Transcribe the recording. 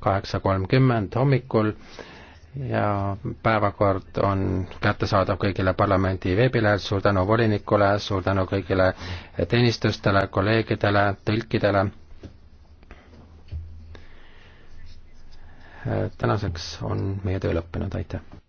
kaheksa kolmkümmend hommikul ja päevakord on kättesaadav kõigile parlamendi veebilehel, suur tänu volinikule, suur tänu kõigile teenistustele, kolleegidele, tõlkidele. tänaseks on meie töö lõppenud, aitäh!